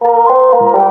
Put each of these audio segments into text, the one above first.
Música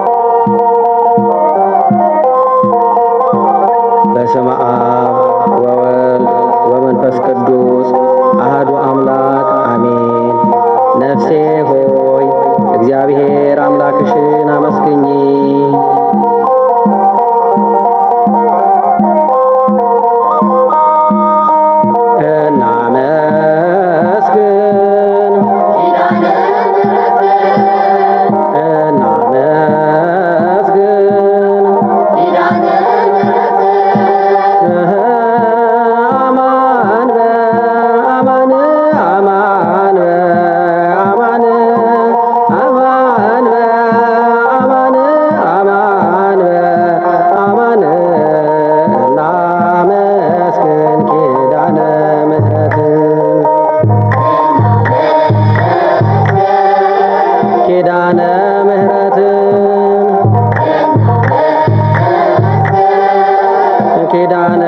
ኪዳነ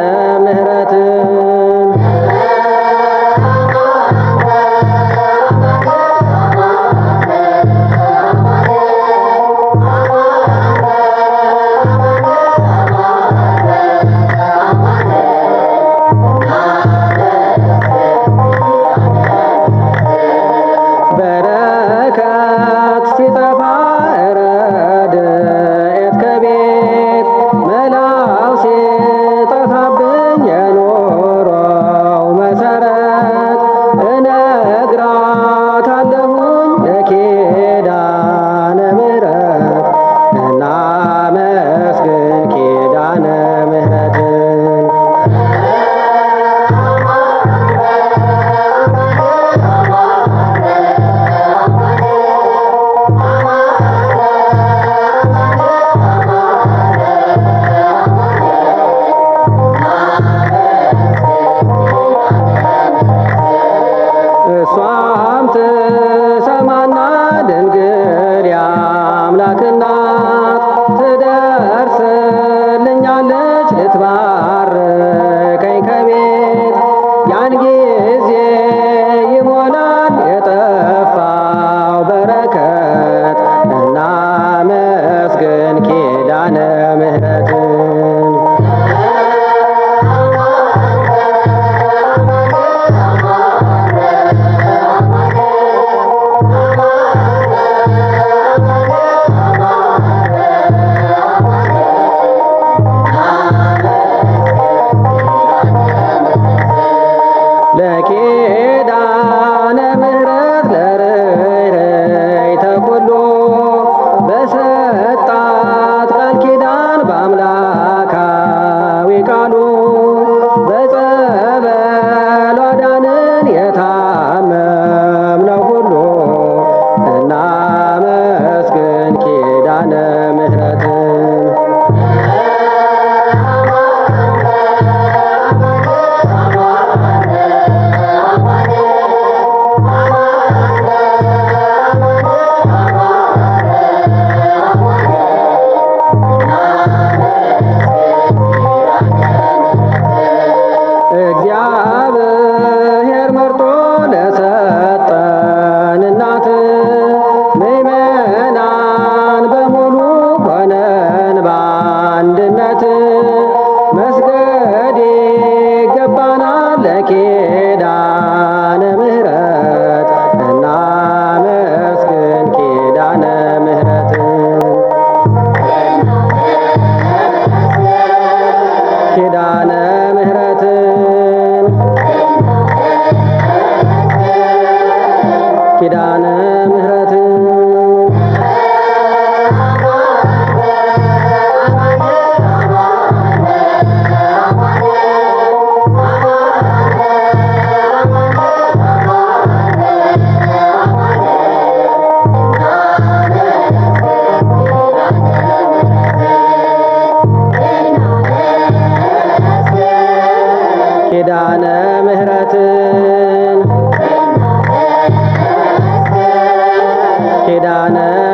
እሷም ትሰማና ድንግል የአምላክ እናት ትደርስልኛለች ልትባርከኝ ከቤት ያን ጊዜ ይሞላል የጠፋው በረከት እና መስገን ኪዳነ ኪዳነ ምሕረት ለርኅራኄ ተኵሎ በሰጣት ቃል ኪዳን በአምላካዊ ቃሉ በጸበሉ አዳነን የታመምነው ሁሉ እናመስግን ኪዳነ ምሕረት እግዚአብሔር መርጦ ለሰጠን እናት ምእመናን በሙሉ ሆነን በአንድነት ኪዳነ ஞான